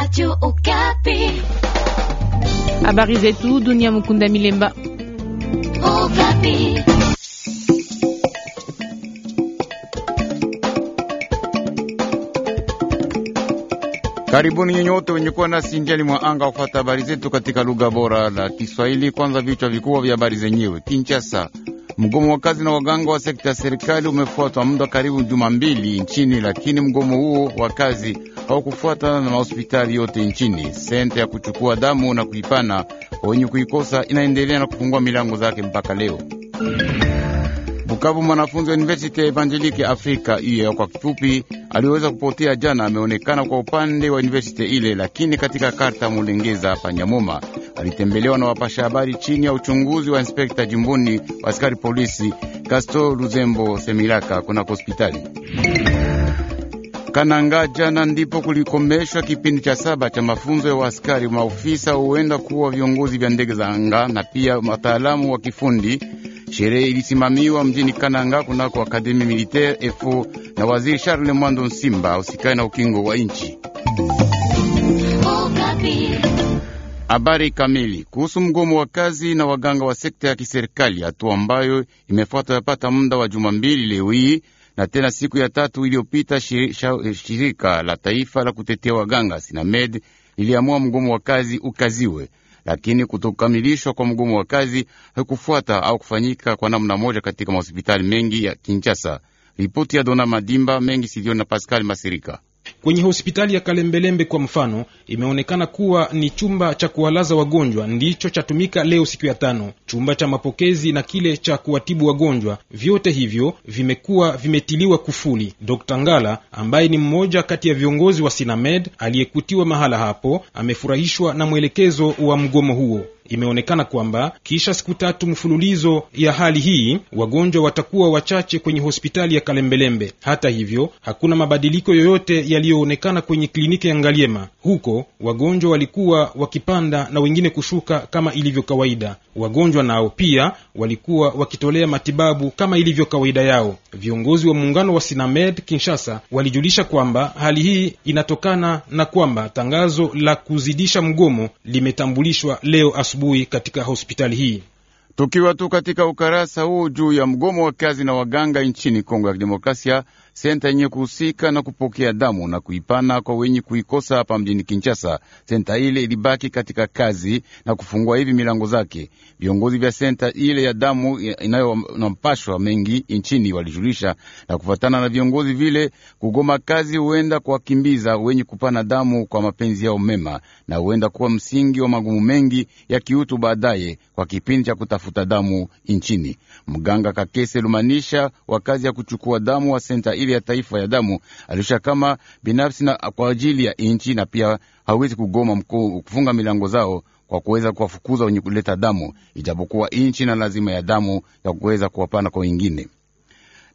Radio Okapi. Habari zetu dunia, Mukunda Milemba. Okapi. Karibuni nyinyi wote wenye kuwa nasi njiani mwa anga kufuata habari zetu katika lugha bora la Kiswahili. Kwanza vichwa vikubwa vya habari zenyewe. Kinshasa, mgomo wa kazi na waganga wa sekta ya serikali umefuatwa muda karibu juma mbili nchini, lakini mgomo huo wa kazi au kufuatana na mahospitali yote nchini. Senta ya kuchukua damu na kuipana wenye kuikosa inaendelea na kufungua milango zake mpaka leo. Bukavu, mwanafunzi wa University ya Evangelike Afrika iye kwa kifupi, aliweza kupotea jana, ameonekana kwa upande wa university ile, lakini katika karta Mulengeza panyamuma Alitembelewa na wapasha habari chini ya uchunguzi wa inspekta jimboni wa askari polisi Kasto Luzembo Semiraka kunako hospitali Kananga jana ndipo kulikomeshwa kipindi cha saba cha mafunzo ya waaskari maofisa huenda kuwa viongozi vya ndege za anga na pia wataalamu wa kifundi. Sherehe ilisimamiwa mjini Kananga kunako akademi militaire EFO na waziri Charles Mwando Nsimba usikani na ukingo wa nchi. Habari kamili kuhusu mgomo wa kazi na waganga wa sekta ya kiserikali, hatua ambayo imefuata yapata muda wa juma mbili leo hii na tena siku ya tatu iliyopita shirika la taifa la kutetea waganga Sinamed liliamua mgomo wa kazi ukaziwe, lakini kutokamilishwa kwa mgomo wa kazi hakufuata au kufanyika kwa namna moja katika mahospitali mengi ya Kinshasa. Ripoti ya Dona Madimba mengi sivyo na Pascal Masirika. Kwenye hospitali ya Kalembelembe kwa mfano, imeonekana kuwa ni chumba cha kuwalaza wagonjwa ndicho chatumika leo siku ya tano. Chumba cha mapokezi na kile cha kuwatibu wagonjwa, vyote hivyo vimekuwa vimetiliwa kufuli. Dr. Ngala ambaye ni mmoja kati ya viongozi wa Sinamed aliyekutiwa mahala hapo amefurahishwa na mwelekezo wa mgomo huo. Imeonekana kwamba kisha siku tatu mfululizo ya hali hii, wagonjwa watakuwa wachache kwenye hospitali ya Kalembelembe. Hata hivyo, hakuna mabadiliko yoyote yaliyoonekana kwenye kliniki ya Ngaliema. Huko wagonjwa walikuwa wakipanda na wengine kushuka kama ilivyo kawaida. Wagonjwa nao pia walikuwa wakitolea matibabu kama ilivyo kawaida yao. Viongozi wa muungano wa Sinamed Kinshasa walijulisha kwamba hali hii inatokana na kwamba tangazo la kuzidisha mgomo limetambulishwa leo asubuhi asubuhi katika hospitali hii. Tukiwa tu katika ukarasa huu juu ya mgomo wa kazi na waganga nchini Kongo ya Kidemokrasia, senta yenye kuhusika na kupokea damu na kuipana kwa wenye kuikosa hapa mjini Kinshasa. Senta ile ilibaki katika kazi na kufungua hivi milango zake. Viongozi vya senta ile ya damu inayo mengi nchini walijulisha, na kufatana na viongozi vile, kugoma kazi huenda kuwakimbiza wenye kupana damu kwa mapenzi yao mema, na huenda kuwa msingi wa magumu mengi ya kiutu baadaye kwa kipindi cha kutafuta damu nchini. Mganga Kakese Lumanisha wa kazi ya kuchukua damu wa senta ile ya taifa ya damu, alisha kama binafsi na kwa ajili ya nchi, na pia hawezi kugoma mkuu kufunga milango zao kwa kuweza kuwafukuza wenye kuleta damu, ijapokuwa nchi na lazima ya damu ya kuweza kuwapana kwa wengine.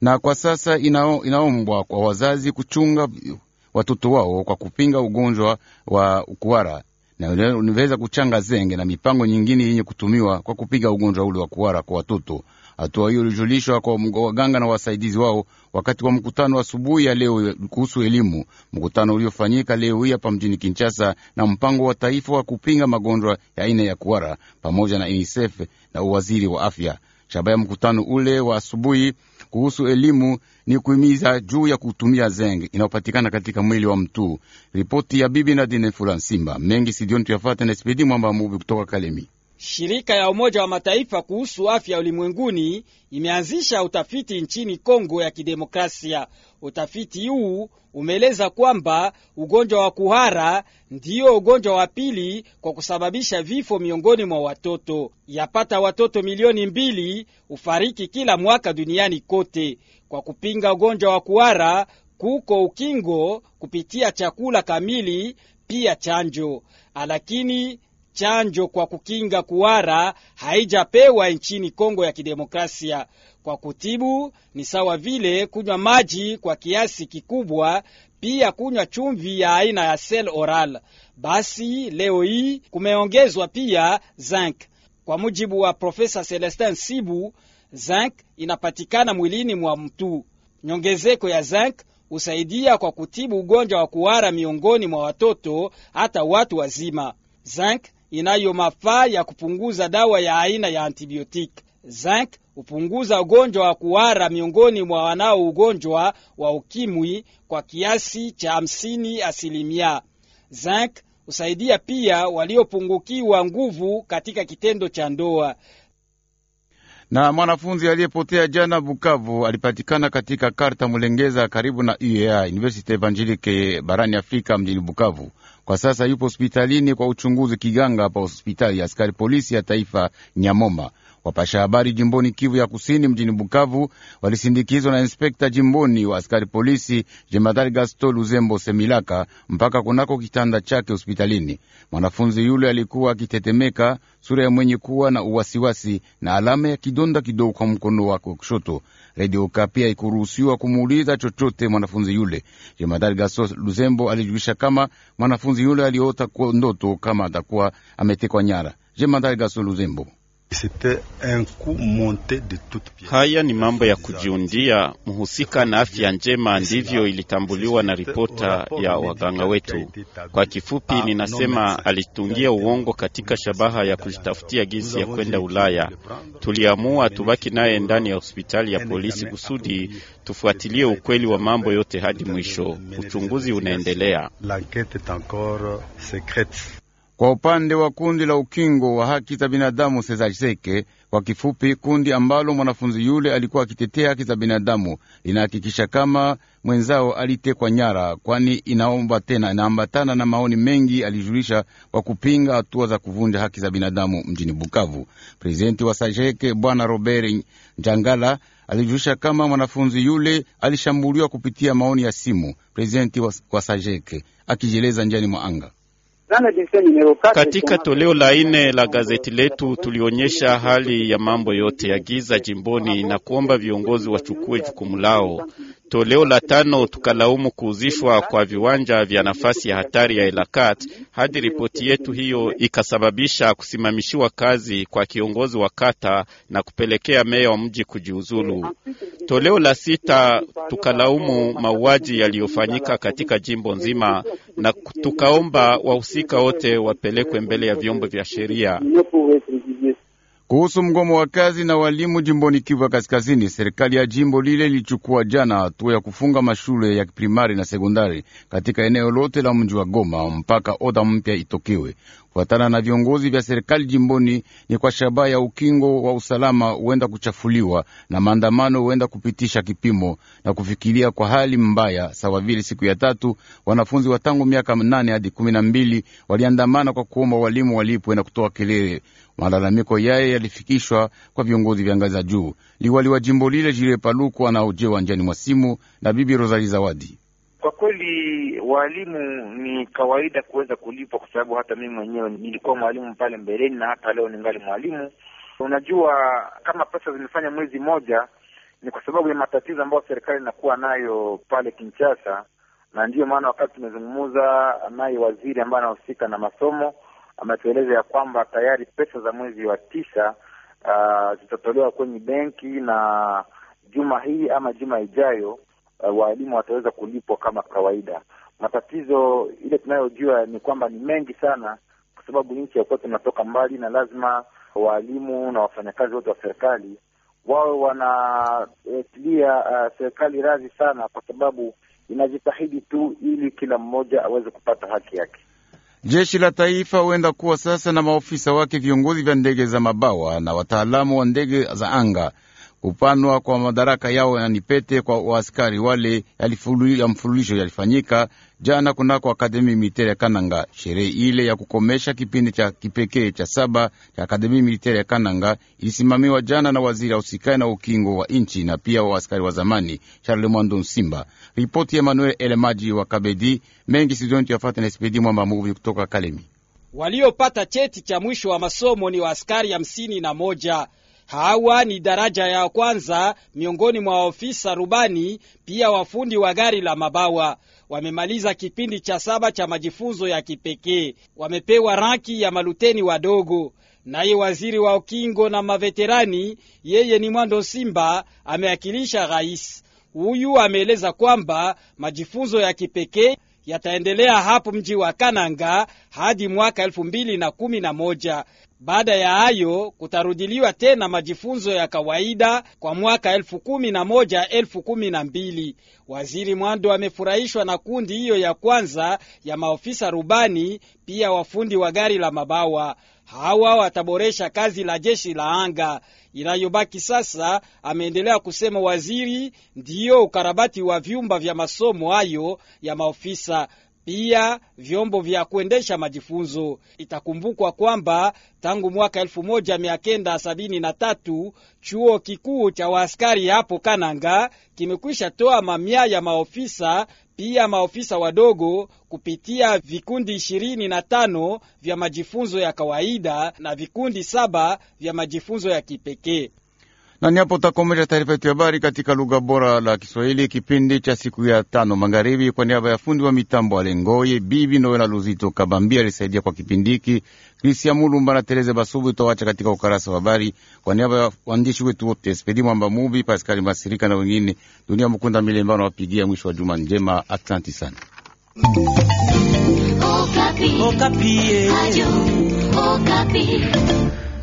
Na kwa sasa inao, inaombwa kwa wazazi kuchunga watoto wao kwa kupinga ugonjwa wa ukuara na unaweza kuchanga zenge na mipango nyingine yenye kutumiwa kwa kupiga ugonjwa ule wa kuwara kwa watoto. Hatua hiyo ilijulishwa kwa waganga na wasaidizi wao wakati wa mkutano asubuhi ya leo eh, kuhusu elimu, mkutano uliofanyika leo hii hapa mjini Kinshasa na mpango wa taifa wa kupinga magonjwa ya aina ya kuwara pamoja na UNICEF na uwaziri wa afya. Shabaha ya mkutano ule wa asubuhi kuhusu elimu ni kuhimiza juu ya kutumia zenge inayopatikana katika mwili wa mtu. Ripoti ya bibi Nadine Fulansimba mengi sidioni tuyafata na spedi mwamba mubi kutoka Kalemi. Shirika ya Umoja wa Mataifa kuhusu afya ulimwenguni imeanzisha utafiti nchini Kongo ya Kidemokrasia. Utafiti huu umeeleza kwamba ugonjwa wa kuhara ndiyo ugonjwa wa pili kwa kusababisha vifo miongoni mwa watoto. Yapata watoto milioni mbili hufariki kila mwaka duniani kote. Kwa kupinga ugonjwa wa kuhara kuko ukingo kupitia chakula kamili, pia chanjo, lakini chanjo kwa kukinga kuwara haijapewa nchini Kongo ya Kidemokrasia. Kwa kutibu ni sawa vile kunywa maji kwa kiasi kikubwa, pia kunywa chumvi ya aina ya sel oral. Basi leo hii kumeongezwa pia zinc. Kwa mujibu wa Profesa Celestin Sibu, zinc inapatikana mwilini mwa mtu. Nyongezeko ya zinc husaidia kwa kutibu ugonjwa wa kuwara miongoni mwa watoto hata watu wazima. Zinc inayo mafaa ya kupunguza dawa ya aina ya antibiotiki. Zinc hupunguza ugonjwa wa kuhara miongoni mwa wanao ugonjwa wa ukimwi kwa kiasi cha hamsini asilimia. Zinc husaidia pia waliopungukiwa nguvu katika kitendo cha ndoa. Na mwanafunzi aliyepotea jana Bukavu alipatikana katika karta Mulengeza karibu na UEA Universite Evangelike barani Afrika mjini Bukavu. Kwa sasa yupo hospitalini kwa uchunguzi kiganga pa hospitali ya askari polisi ya taifa Nyamoma. Wapasha habari jimboni Kivu ya Kusini mjini Bukavu walisindikizwa na inspekta jimboni wa askari polisi jemadari Gasto Luzembo Semilaka mpaka kunako kitanda chake hospitalini. Mwanafunzi yule alikuwa akitetemeka, sura ya mwenye kuwa na uwasiwasi na alama ya kidonda kidogo kwa mkono wake wa kushoto. Redio pia haikuruhusiwa kumuuliza chochote mwanafunzi yule. Jemadari Gasto Luzembo alijulisha kama mwanafunzi yule aliota ndoto kama atakuwa ametekwa nyara. Jemadari Gasto Luzembo Haya ni mambo ya kujiundia. Mhusika na afya njema, ndivyo ilitambuliwa na ripota ya waganga wetu. Kwa kifupi, ninasema alitungia uongo katika shabaha ya kujitafutia gisi ya kwenda Ulaya. Tuliamua tubaki naye ndani ya hospitali ya polisi kusudi tufuatilie ukweli wa mambo yote hadi mwisho. Uchunguzi unaendelea. Kwa upande wa kundi la ukingo wa haki za binadamu Sezaseke, kwa kifupi kundi ambalo mwanafunzi yule alikuwa akitetea haki za binadamu, linahakikisha kama mwenzao alitekwa nyara, kwani inaomba tena inaambatana na maoni mengi alijulisha kwa kupinga hatua za kuvunja haki za binadamu mjini Bukavu. Prezidenti wa Sajeke Bwana Robert Njangala alijulisha kama mwanafunzi yule alishambuliwa kupitia maoni ya simu. Prezidenti wa Sajeke akijieleza njiani mwa anga katika toleo la nne la gazeti letu tulionyesha hali ya mambo yote ya giza jimboni na kuomba viongozi wachukue jukumu lao. Toleo la tano tukalaumu kuuzishwa kwa viwanja vya nafasi ya hatari ya Elakat hadi ripoti yetu hiyo ikasababisha kusimamishiwa kazi kwa kiongozi wa kata na kupelekea meya wa mji kujiuzulu. Toleo la sita tukalaumu mauaji yaliyofanyika katika jimbo nzima na tukaomba wahusika wote wapelekwe mbele ya vyombo vya sheria. Kuhusu mgomo wa kazi na walimu jimboni Kivu Kaskazini, serikali ya jimbo lile lilichukua jana hatua ya kufunga mashule ya primari na sekondari katika eneo lote la mji wa Goma mpaka oda mpya itokewe. Kufuatana na viongozi vya serikali jimboni, ni kwa shabaha ya ukingo wa usalama huenda kuchafuliwa na maandamano huenda kupitisha kipimo na kufikiria kwa hali mbaya. Sawa vile siku ya tatu wanafunzi wa tangu miaka nane hadi kumi na mbili waliandamana kwa kuomba walimu walipwe na kutoa kelele Malalamiko yaye yalifikishwa kwa viongozi vya ngazi za juu. Liwali wa jimbo lile Jire Paluku anaojewa njiani mwa simu na Bibi Rosali Zawadi. Kwa kweli waalimu ni kawaida kuweza kulipwa, kwa sababu hata mimi mwenyewe nilikuwa mwalimu pale mbeleni na hata leo ningali mwalimu. Unajua, kama pesa zimefanya mwezi moja, ni kwa sababu ya matatizo ambayo serikali inakuwa nayo pale Kinshasa, na ndiyo maana wakati tumezungumuza naye waziri ambaye anahusika na masomo ametueleza ya kwamba tayari pesa za mwezi wa tisa uh, zitatolewa kwenye benki na juma hii ama juma ijayo uh, waalimu wataweza kulipwa kama kawaida. Matatizo ile tunayojua ni kwamba ni mengi sana, kwa sababu nchi ya kwetu inatoka mbali, na lazima waalimu na wafanyakazi wote wa serikali wawe wanatilia eh, uh, serikali radhi sana, kwa sababu inajitahidi tu ili kila mmoja aweze kupata haki yake. Jeshi la taifa huenda kuwa sasa na maofisa wake viongozi vya ndege za mabawa na wataalamu wa ndege za anga. Kupanwa kwa madaraka yao na nipete kwa waaskari wale ya mfululisho yalifanyika jana kunako akademi militeri ya Kananga. Sherehe ile ya kukomesha kipindi cha kipekee cha saba cha akademi militeri ya Kananga ilisimamiwa jana na waziri ausikai na ukingo wa nchi na pia wa askari wa zamani Charles Mwando Nsimba. Ripoti ya Emmanuel Elemaji wa Kabedi mengi sizoni tuyafata na spedi Mwamba Muvi kutoka Kalemi. Waliopata cheti cha mwisho wa masomo ni waaskari hamsini na moja Hawa ni daraja ya kwanza miongoni mwa ofisa rubani, pia wafundi wa gari la mabawa. Wamemaliza kipindi cha saba cha majifunzo ya kipekee, wamepewa ranki ya maluteni wadogo. Naye waziri wa ukingo na maveterani, yeye ni Mwando Simba, ameakilisha rais. Huyu ameeleza kwamba majifunzo ya kipekee yataendelea hapo mji wa Kananga hadi mwaka elfu mbili na kumi na moja. Baada ya hayo kutarudiliwa tena majifunzo ya kawaida kwa mwaka elfu kumi na moja elfu kumi na mbili. Waziri Mwando amefurahishwa na kundi hiyo ya kwanza ya maofisa rubani, pia wafundi wa gari la mabawa. Hawa wataboresha kazi la jeshi la anga inayobaki sasa, ameendelea kusema waziri, ndiyo ukarabati wa vyumba vya masomo hayo ya maofisa pia vyombo vya kuendesha majifunzo. Itakumbukwa kwamba tangu mwaka 1973 chuo kikuu cha waaskari hapo Kananga kimekwisha toa mamia ya maofisa pia maofisa wadogo kupitia vikundi ishirini na tano vya majifunzo ya kawaida na vikundi saba vya majifunzo ya kipekee na hapo takomesha taarifa yetu ya habari katika lugha bora la Kiswahili, kipindi cha siku ya tano magharibi. Kwa niaba ya fundi wa mitambo Alengoye, bibi Noela Luzito Kabambia alisaidia kwa kipindi hiki, Krisia Mulumba na Tereze Basubu. Utawacha katika ukarasa wa habari kwa niaba ya waandishi wetu wote, Spedi Mwamba Mubi, Paskali Masirika na wengine. Dunia Mkunda Milemba wapigia mwisho wa juma njema. Aksanti sana Okapi. Okapi. Eh. Okapi.